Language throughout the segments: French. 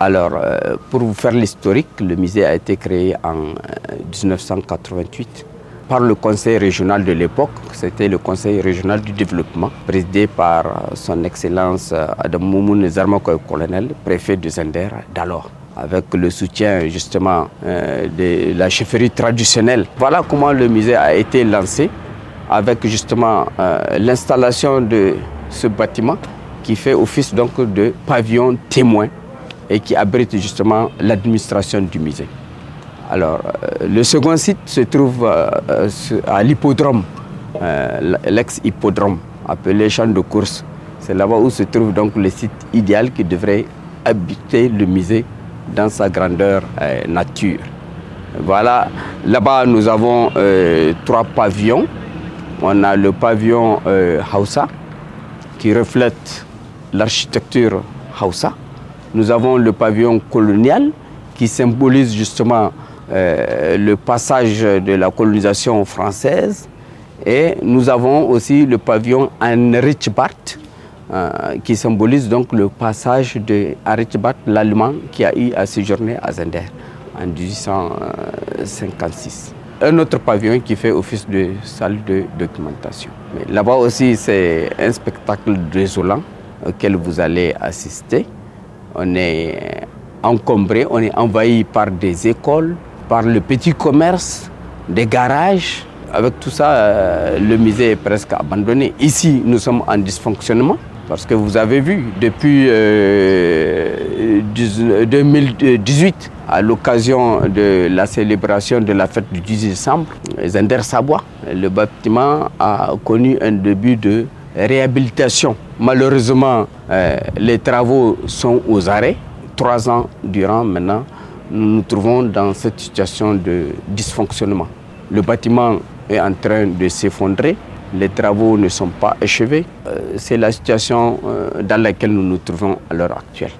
Alors, euh, pour vous faire l'historique, le musée a été créé en 1988 euh, par le conseil régional de l'époque, c'était le conseil régional du développement, présidé par euh, son excellence Adam Moumoun Zarmakoy, colonel, préfet de Zender d'alors avec le soutien justement de la chefferie traditionnelle. Voilà comment le musée a été lancé, avec justement l'installation de ce bâtiment qui fait office donc de pavillon témoin et qui abrite justement l'administration du musée. Alors, euh, le second site se trouve euh, euh, à l'hippodrome, l'ex-hippodrome, appelé champ de course. C'est là-bas où se trouve donc le site idéal qui devrait habiter le musée dans sa grandeur nature. Voilà, là-bas nous avons trois pavillons. On a le pavillon Hausa qui reflète l'architecture Hausa. Nous avons le pavillon colonial qui symbolise justement euh, le passage de la colonisation française. Et nous avons aussi le pavillon Barth euh, qui symbolise donc le passage de Barth, l'Allemand, qui a eu à séjourner à Zender en 1856 un autre pavillon qui fait office de salle de documentation. là-bas aussi, c'est un spectacle désolant auquel vous allez assister on est encombré, on est envahi par des écoles, par le petit commerce, des garages. Avec tout ça, euh, le musée est presque abandonné. Ici, nous sommes en dysfonctionnement parce que vous avez vu, depuis 2018, euh, à l'occasion de la célébration de la fête du 10 décembre, Zender Sabwa, le bâtiment a connu un début de réhabilitation. Malheureusement, euh, les travaux sont aux arrêts. Trois ans durant maintenant, nous nous trouvons dans cette situation de dysfonctionnement. Le bâtiment est en train de s'effondrer, les travaux ne sont pas achevés. Euh, c'est la situation euh, dans laquelle nous nous trouvons à l'heure actuelle.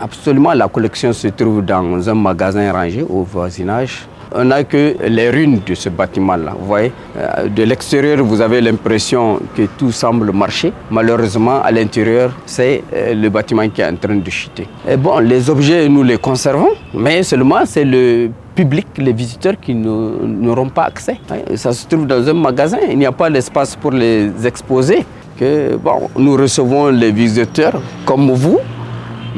Absolument, la collection se trouve dans un magasin rangé au voisinage on n'a que les ruines de ce bâtiment-là. Vous voyez, euh, de l'extérieur, vous avez l'impression que tout semble marcher. Malheureusement, à l'intérieur, c'est euh, le bâtiment qui est en train de chuter. Et bon, les objets, nous les conservons, mais seulement c'est le public, les visiteurs qui n'auront pas accès. Ça se trouve dans un magasin, il n'y a pas l'espace pour les exposer. Que, bon, nous recevons les visiteurs comme vous,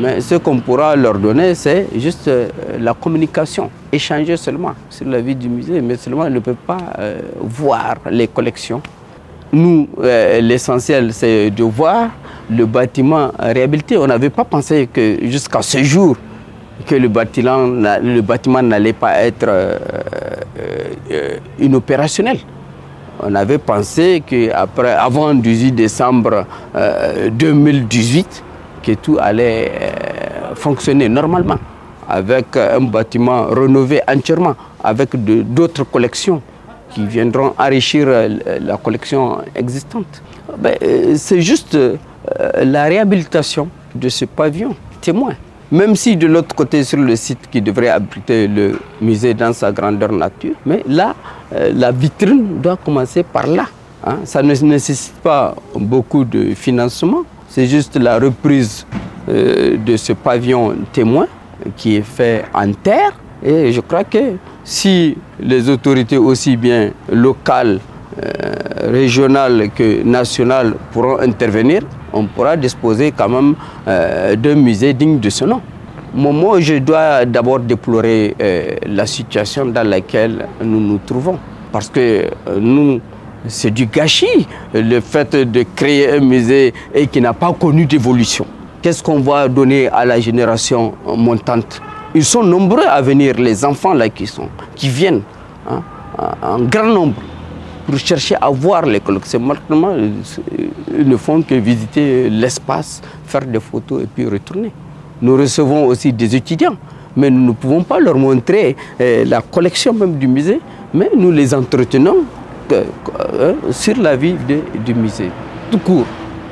mais ce qu'on pourra leur donner, c'est juste euh, la communication, échanger seulement sur la vie du musée, mais seulement ils ne peuvent pas euh, voir les collections. Nous, euh, l'essentiel, c'est de voir le bâtiment réhabilité. On n'avait pas pensé que jusqu'à ce jour, que le bâtiment, le bâtiment n'allait pas être inopérationnel. On avait pensé qu'avant 18 décembre 2018, et tout allait euh, fonctionner normalement, avec euh, un bâtiment rénové entièrement, avec d'autres collections qui viendront enrichir euh, la collection existante. Ben, c'est juste la réhabilitation de ce pavillon témoin. Même si de l'autre côté, sur le site qui devrait abriter le musée dans sa grandeur nature, mais là, la vitrine doit commencer par là. Hein. Ça ne nécessite pas beaucoup de financement, c'est juste la reprise euh, de ce pavillon témoin qui est fait en terre. Et je crois que si les autorités aussi bien locales, euh, régionales que nationales pourront intervenir, on pourra disposer quand même euh, d'un musée digne de ce nom. Moi, moi je dois d'abord déplorer la situation dans laquelle nous nous trouvons. Parce que nous, c'est du gâchis, le fait de créer un musée et qui n'a pas connu d'évolution. Qu'est-ce qu'on va donner à la génération montante Ils sont nombreux à venir, les enfants là qui, sont, qui viennent, hein, en grand nombre, pour chercher à voir les collections. Maintenant, ils ne font que visiter l'espace, faire des photos et puis retourner. Nous recevons aussi des étudiants mais nous ne pouvons pas leur montrer eh, la collection même du musée, mais nous les entretenons Hein, sur la vie de, du musée, tout court.